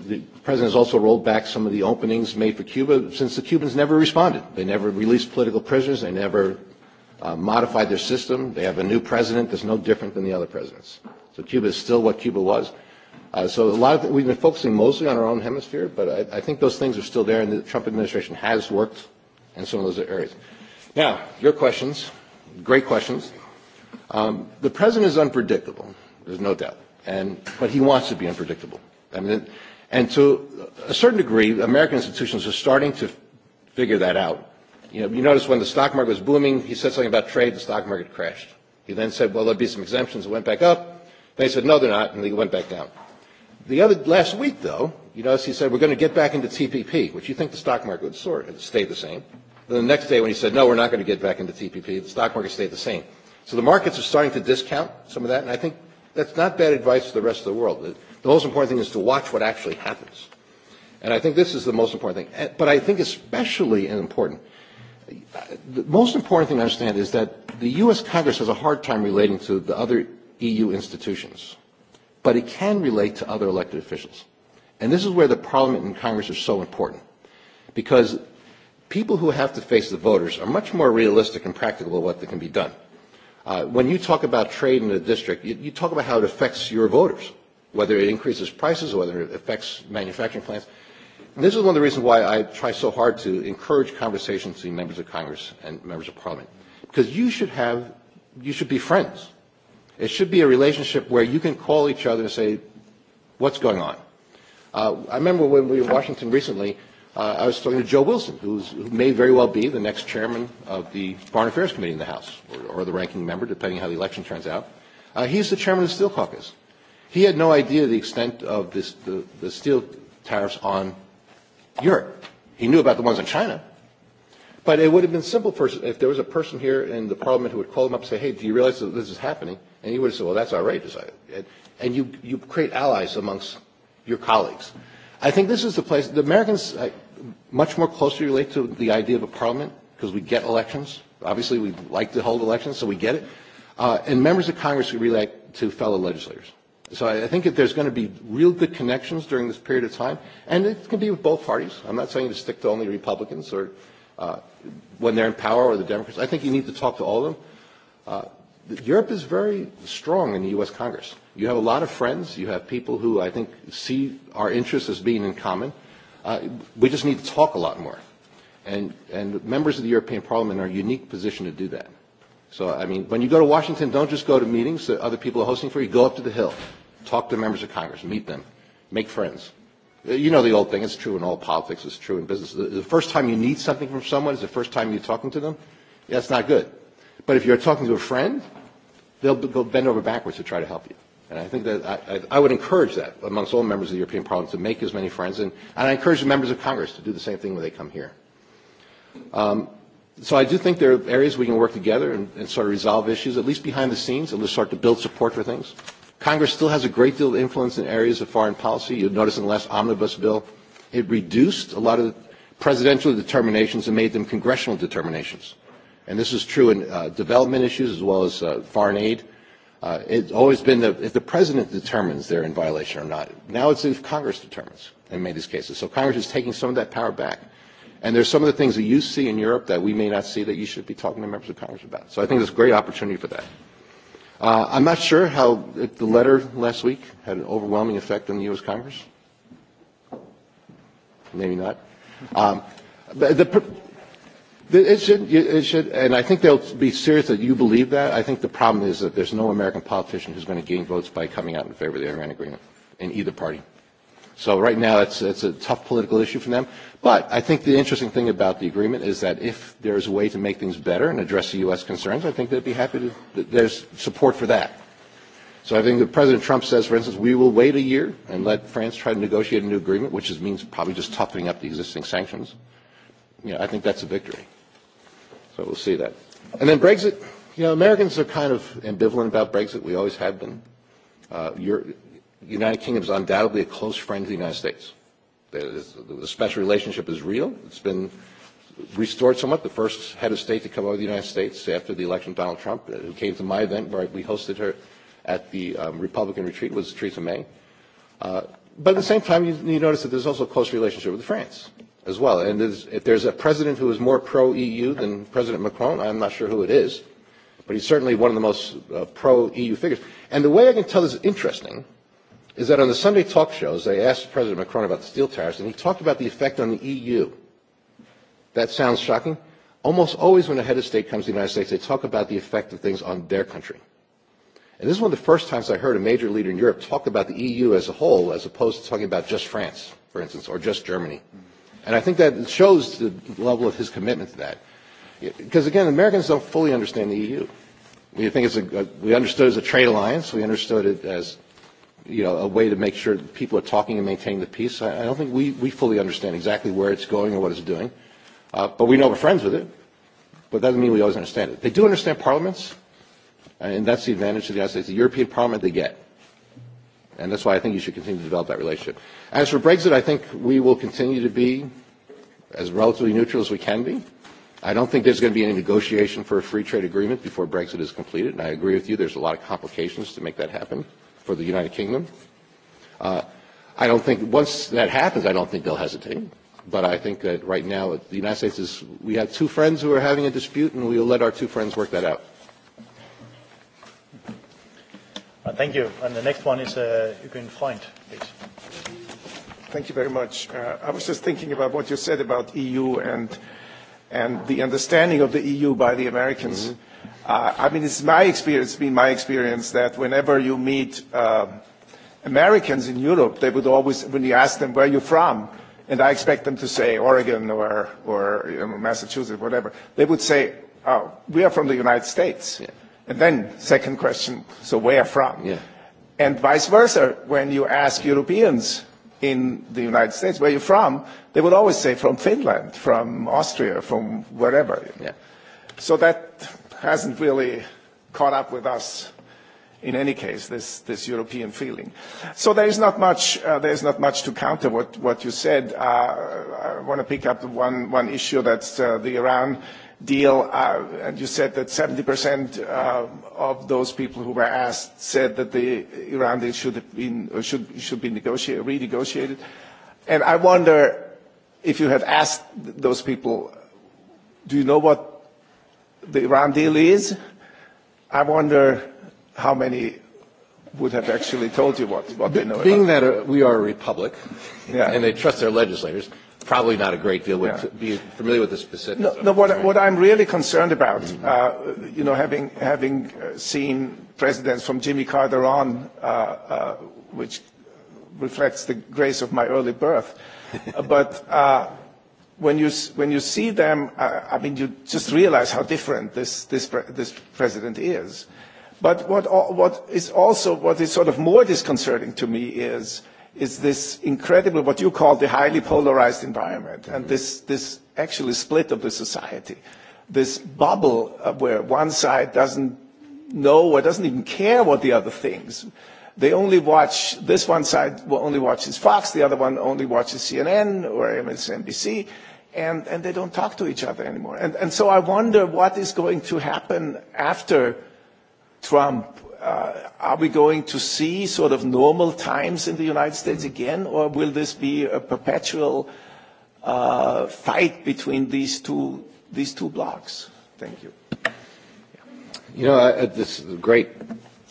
the president has also rolled back some of the openings made for Cuba since the Cubans never responded. They never released political prisoners. They never modified their system. They have a new president that's no different than the other presidents. So Cuba is still what Cuba was. so a lot of we've been focusing mostly on our own hemisphere, but I think those things are still there, and the Trump administration has worked and some of those areas. Now, your questions, great questions. Um, the president is unpredictable, there's no doubt, and but he wants to be unpredictable. I mean, and to a certain degree, American institutions are starting to figure that out. You know, you notice when the stock market was booming, he said something about trade, the stock market crashed. He then said, well, there'll be some exemptions. It went back up. They said, no, they're not, and they went back down. The other last week, though, You notice he said, we're going to get back into TPP, which you think the stock market would sort it stay the same. Then the next day when he said, no, we're not going to get back into TPP, the stock market stayed the same. So the markets are starting to discount some of that, and I think that's not bad advice to the rest of the world. The most important thing is to watch what actually happens. And I think this is the most important thing. But I think especially important, the most important thing to understand is that the U.S. Congress has a hard time relating to the other EU institutions, but it can relate to other elected officials. And this is where the Parliament and Congress are so important, because people who have to face the voters are much more realistic and practical about what can be done. When you talk about trade in a district, you talk about how it affects your voters, whether it increases prices, or whether it affects manufacturing plants. And this is one of the reasons why I try so hard to encourage conversations between members of Congress and members of Parliament, because you should have, you should be friends. It should be a relationship where you can call each other and say, what's going on? I remember when we were in Washington recently, I was talking to Joe Wilson, who's, who may very well be the next chairman of the Foreign Affairs Committee in the House, or, or the ranking member, depending on how the election turns out. he's the chairman of the Steel Caucus. He had no idea the extent of this, the, steel tariffs on Europe. He knew about the ones on China. But it would have been simple for, if there was a person here in the parliament who would call him up and say, hey, do you realize that this is happening? And he would have said, well, that's outrageous. And you, you create allies amongst your colleagues. I think this is the place. The Americans much more closely relate to the idea of a parliament because we get elections. Obviously, we like to hold elections, so we get it. And members of Congress relate to fellow legislators. So I think that there's going to be real good connections during this period of time, and it can be with both parties. I'm not saying to stick to only Republicans or when they're in power or the Democrats. I think you need to talk to all of them. Europe is very strong in the U.S. Congress. You have a lot of friends. You have people who I think see our interests as being in common. We just need to talk a lot more. And members of the European Parliament are in a unique position to do that. So, I mean, when you go to Washington, don't just go to meetings that other people are hosting for you. Go up to the Hill. Talk to members of Congress. Meet them. Make friends. You know the old thing. It's true in all politics. It's true in business. The first time you need something from someone is the first time you're talking to them. That's not good. But if you're talking to a friend, they'll go bend over backwards to try to help you. And I think that I, I would encourage that amongst all members of the European Parliament to make as many friends. And, I encourage the members of Congress to do the same thing when they come here. so I do think there are areas we can work together and, and sort of resolve issues, at least behind the scenes, and start to build support for things. Congress still has a great deal of influence in areas of foreign policy. You'll notice in the last omnibus bill, it reduced a lot of presidential determinations and made them congressional determinations and this is true in development issues as well as foreign aid. It's always been that if the president determines they're in violation or not, now it's if Congress determines in many these cases. So Congress is taking some of that power back. And there's some of the things that you see in Europe that we may not see that you should be talking to members of Congress about. So I think there's a great opportunity for that. I'm not sure how the letter last week had an overwhelming effect on the U.S. Congress. Maybe not. the It should, should, and I think they'll be serious that you believe that. I think the problem is that there's no American politician who's going to gain votes by coming out in favor of the Iran agreement in either party. So right now, it's, it's a tough political issue for them. But I think the interesting thing about the agreement is that if there's a way to make things better and address the U.S. concerns, I think they'd be happy to, there's support for that. So I think that President Trump says, for instance, we will wait a year and let France try to negotiate a new agreement, which means probably just toughening up the existing sanctions. You know, I think that's a victory we'll see that. And then Brexit, you know, Americans are kind of ambivalent about Brexit. We always have been. Uh, United Kingdom is undoubtedly a close friend to the United States. The special relationship is real. It's been restored somewhat. The first head of state to come over the United States after the election of Donald Trump, who came to my event where we hosted her at the Republican retreat, was Theresa May. But at the same time, you notice that there's also a close relationship with France as well. And if there's a president who is more pro-EU than President Macron, I'm not sure who it is, but he's certainly one of the most pro-EU figures. And the way I can tell this is interesting is that on the Sunday talk shows, they asked President Macron about the steel tariffs, and he talked about the effect on the EU. That sounds shocking. Almost always when a head of state comes to the United States, they talk about the effect of things on their country. And this is one of the first times I heard a major leader in Europe talk about the EU as a whole, as opposed to talking about just France, for instance, or just Germany. And I think that shows the level of his commitment to that. Because, again, Americans don't fully understand the EU. We think it's a, we understood it as a trade alliance. We understood it as, you know, a way to make sure that people are talking and maintaining the peace. I, don't think we, we fully understand exactly where it's going or what it's doing. but we know we're friends with it. But that doesn't mean we always understand it. They do understand parliaments. And that's the advantage of the United States. The European Parliament they get. And that's why I think you should continue to develop that relationship. As for Brexit, I think we will continue to be as relatively neutral as we can be. I don't think there's going to be any negotiation for a free trade agreement before Brexit is completed. And I agree with you, there's a lot of complications to make that happen for the United Kingdom. I don't think once that happens, I don't think they'll hesitate. But I think that right now, the United States is, we have two friends who are having a dispute, and we'll let our two friends work that out. Thank you. And the next one is Eugen Freund, please. Thank you very much. I was just thinking about what you said about EU and and the understanding of the EU by the Americans. I mean, it's my experience, been my experience that whenever you meet Americans in Europe, they would always, when you ask them where you're from, and I expect them to say Oregon or or Massachusetts, whatever, they would say, "Oh, we are from the United States." And then second question, so where from? And vice versa, when you ask Europeans in the United States where you're from, they would always say from Finland, from Austria, from wherever. So that hasn't really caught up with us in any case, this, this European feeling. So there is not much, there is not much to counter what, what you said. I want to pick up one, one issue that's the Iran deal, and you said that 70% of those people who were asked said that the Iran deal should have been or should be renegotiated. And I wonder if you had asked those people, do you know what the Iran deal is? I wonder how many would have actually told you what they know. Being that we are a republic, and they trust their legislators probably not a great deal would be familiar with the specifics. No, what I'm really concerned about, you know, having having seen presidents from Jimmy Carter on, which reflects the grace of my early birth, but when you when you see them, I mean, you just realize how different this this this president is. But what what is also what is sort of more disconcerting to me is is this incredible, what you call the highly polarized environment, and this, this actually split of the society, this bubble where one side doesn't know or doesn't even care what the other thinks. They only watch, this one side only watches Fox, the other one only watches CNN or MSNBC, and, and they don't talk to each other anymore. And, and so I wonder what is going to happen after Trump Are we going to see sort of normal times in the United States again, or will this be a perpetual fight between these two these two blocks? Thank you. You know, this is a great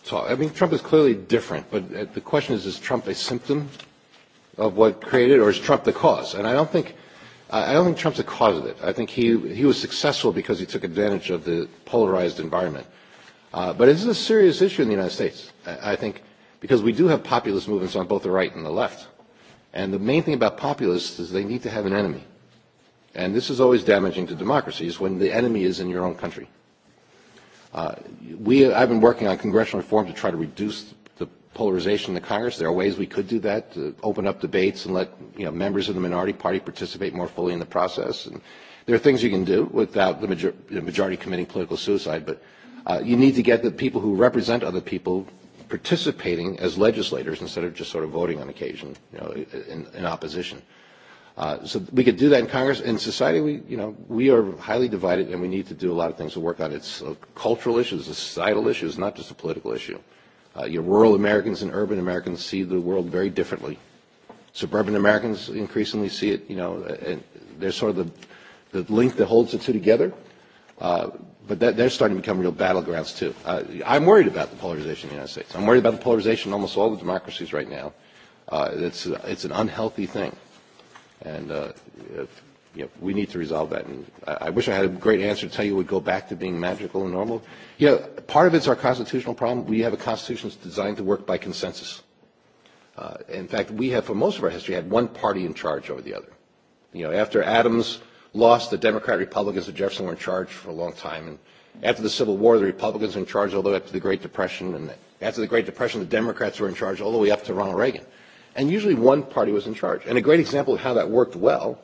talk. I mean, Trump is clearly different, but the question is, is Trump a symptom of what created, or is Trump the cause? And I don't think I don't think Trump's the cause of it. I think he he was successful because he took advantage of the polarized environment. But it is a serious issue in the United States, I think, because we do have populist movements on both the right and the left. And the main thing about populists is they need to have an enemy. And this is always damaging to democracies when the enemy is in your own country. We, I've been working on congressional reform to try to reduce the polarization in the Congress. There are ways we could do that, to open up debates and let you know, members of the minority party participate more fully in the process. And there are things you can do without the majority committing political suicide, but you need to get the people who represent other people participating as legislators instead of just sort of voting on occasion, you know, in, in opposition. Uh, so we could do that in Congress. In society, we, you know, we are highly divided, and we need to do a lot of things to work on. It's a cultural issue, it's a societal issue, it's not just a political issue. Uh, your rural Americans and urban Americans see the world very differently. Suburban Americans increasingly see it, you know, and they're sort of the, the link that holds the two together. Uh, but they're starting to become real battlegrounds too. I'm worried about the polarization in the United States. I'm worried about the polarization in almost all the democracies right now. It's it's an unhealthy thing, and we need to resolve that. And I wish I had a great answer to tell you we'd go back to being magical and normal. You part of it's our constitutional problem. We have a constitution that's designed to work by consensus. In fact, we have, for most of our history, had one party in charge over the other. You know, after Adams lost. The Democrat Republicans of Jefferson were in charge for a long time. And after the Civil War, the Republicans were in charge all the way up to the Great Depression. And after the Great Depression, the Democrats were in charge all the way up to Ronald Reagan. And usually one party was in charge. And a great example of how that worked well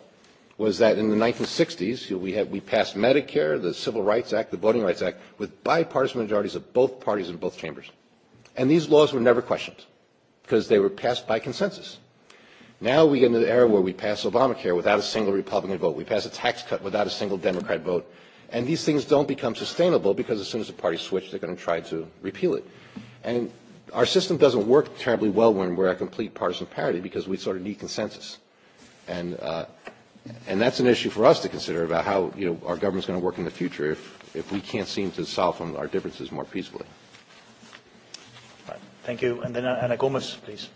was that in the 1960s, we, had, we passed Medicare, the Civil Rights Act, the Voting Rights Act, with bipartisan majorities of both parties in both chambers. And these laws were never questioned because they were passed by consensus. Now we get into the era where we pass Obamacare without a single Republican vote. We pass a tax cut without a single Democrat vote. And these things don't become sustainable because as soon as the party switch, they're going to try to repeal it. And our system doesn't work terribly well when we're at complete partisan parity because we sort of need consensus. And, uh, and that's an issue for us to consider about how you know, our government's going to work in the future if, if we can't seem to solve our differences more peacefully. Thank you. And then Ana Gomez, please.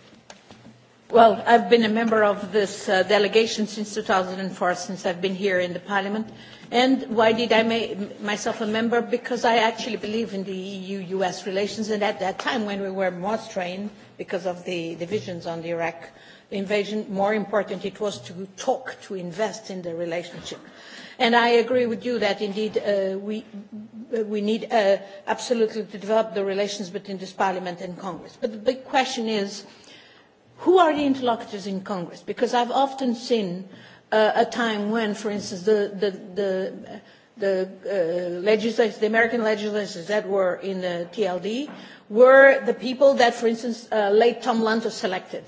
Well, I've been a member of this delegation since 2004, since I've been here in the Parliament. And why did I make myself a member? Because I actually believe in the EU-US relations. And at that time, when we were more strained because of the divisions on the Iraq invasion, more important it was to talk, to invest in the relationship. And I agree with you that indeed we we need absolutely to develop the relations between this Parliament and Congress. But the big question is Who are the interlocutors in Congress? Because I've often seen a time when, for instance, the the American legislators that were in the TLD were the people that, for instance, late Tom Lantos selected.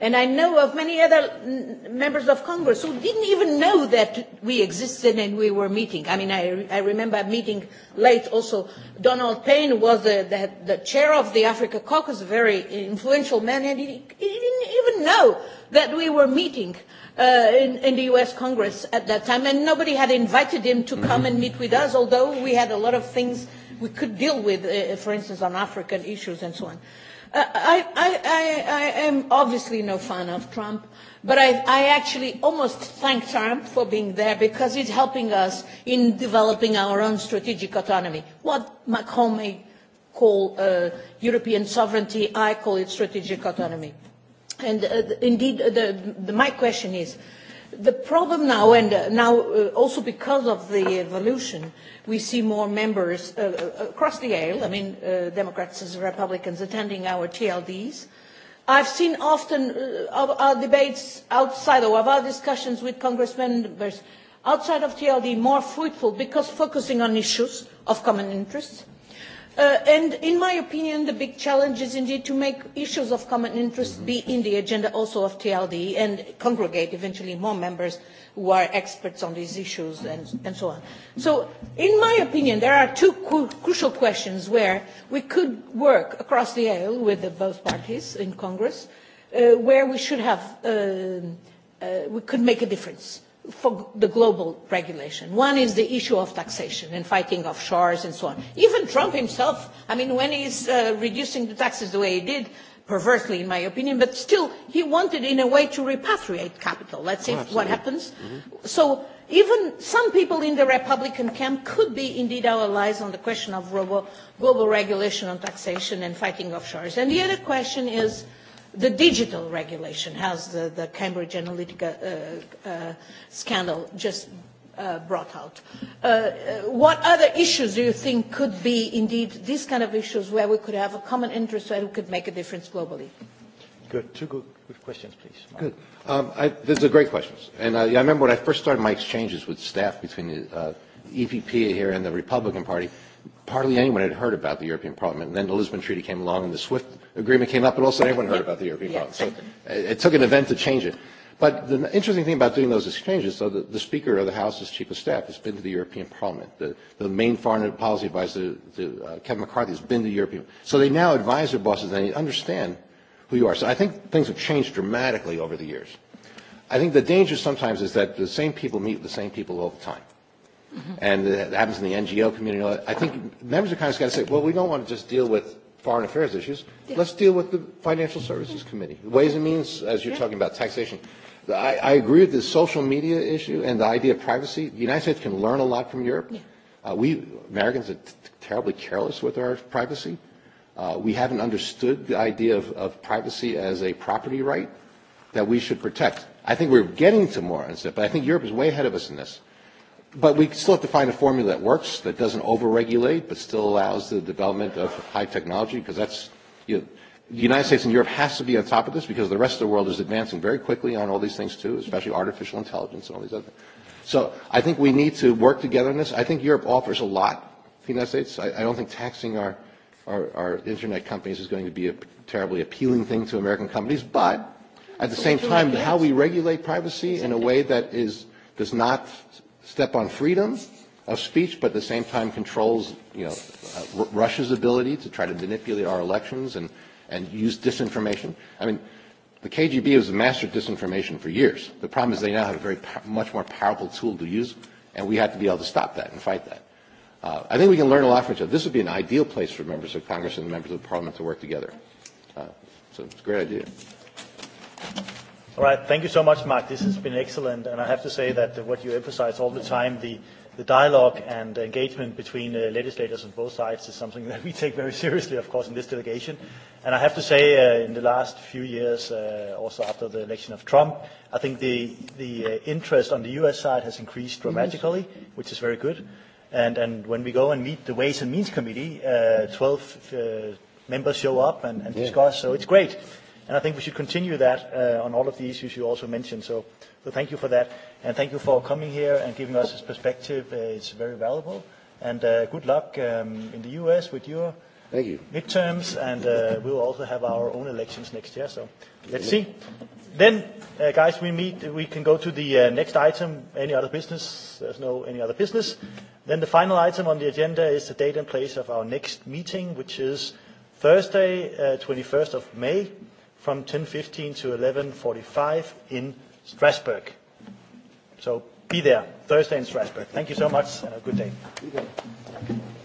And I know of many other members of Congress who didn't even know that we existed and we were meeting. I mean, I, remember meeting late also. Donald Payne was the, chair of the Africa Caucus, a very influential man, and he, even know that we were meeting in the U.S. Congress at that time, and nobody had invited him to come and meet with us, although we had a lot of things we could deal with, for instance, on African issues and so on. I am obviously no fan of Trump, but I actually almost thank Trump for being there because he's helping us in developing our own strategic autonomy. What Macron may call European sovereignty, I call it strategic autonomy. And indeed, my question is, the problem now, and now also because of the evolution, we see more members across the aisle, I mean, Democrats and Republicans attending our TLDs. I've seen often our debates outside or our discussions with Congress members outside of TLD more fruitful because focusing on issues of common interest And in my opinion, the big challenge is indeed to make issues of common interest be in the agenda also of TLD and congregate eventually more members who are experts on these issues and so on. So in my opinion, there are two crucial questions where we could work across the aisle with both parties in Congress, where we should have, we could make a difference for the global regulation. One is the issue of taxation and fighting offshores and so on. Even Trump himself, I mean, when he's reducing the taxes the way he did, perversely in my opinion, but still he wanted in a way to repatriate capital. Let's see what happens. So even some people in the Republican camp could be indeed our allies on the question of global regulation on taxation and fighting offshores. And the other question is the digital regulation, has the Cambridge Analytica scandal just brought out. What other issues do you think could be indeed these kind of issues where we could have a common interest and could make a difference globally? Good. Two good questions, please. Good. These are great questions. And I remember when I first started my exchanges with staff between the EPP here and the Republican Party, Partly, anyone had heard about the European Parliament. And then the Lisbon Treaty came along and the SWIFT agreement came up, but also everyone heard about the European Parliament. So it took an event to change it. But the interesting thing about doing those exchanges, so the Speaker of the House's Chief of Staff has been to the European Parliament. The main foreign policy advisor, Kevin McCarthy, has been to the European So they now advise their bosses and they understand who you are. So I think things have changed dramatically over the years. I think the danger sometimes is that the same people meet with the same people all the time and that happens in the NGO community. I think members of Congress got to say, well, we don't want to just deal with foreign affairs issues. Let's deal with the Financial Services Committee. Ways and Means, as you're talking about taxation. I, agree with the social media issue and the idea of privacy. The United States can learn a lot from Europe. we Americans are terribly careless with our privacy. we haven't understood the idea of, of privacy as a property right that we should protect. I think we're getting to more on this, but I think Europe is way ahead of us in this. But we still have to find a formula that works, that doesn't overregulate, but still allows the development of high technology, because that's, you the United States and Europe has to be on top of this because the rest of the world is advancing very quickly on all these things too, especially artificial intelligence and all these other things. So I think we need to work together on this. I think Europe offers a lot to the United States. I, I don't think taxing our, our, our internet companies is going to be a terribly appealing thing to American companies, but at the same time, how we regulate privacy in a way that is, does not step on freedom of speech, but at the same time controls you know, Russia's ability to try to manipulate our elections and, and use disinformation. I mean, the KGB was a master disinformation for years. The problem is they now have a very much more powerful tool to use, and we have to be able to stop that and fight that. I think we can learn a lot from each other. This would be an ideal place for members of Congress and members of Parliament to work together. so it's a great idea. All right. Thank you so much, Mark. This has been excellent. And I have to say that what you emphasize all the time, the, the dialogue and engagement between legislators on both sides is something that we take very seriously, of course, in this delegation. And I have to say, in the last few years, also after the election of Trump, I think the, the interest on the U.S. side has increased dramatically, which is very good. And, and when we go and meet the Ways and Means Committee, 12 members show up and, and discuss, so it's great. And I think we should continue that on all of the issues you also mentioned. So thank you for that. And thank you for coming here and giving us this perspective. It's very valuable. And good luck in the U.S. with your midterms. And we'll also have our own elections next year. So let's see. Then, guys, we meet. We can go to the next item. Any other business? There's no any other business. Then the final item on the agenda is the date and place of our next meeting, which is Thursday, 21st of May from 10.15 to 11.45 in Strasbourg. So be there Thursday in Strasbourg. Thank you so much and a good day.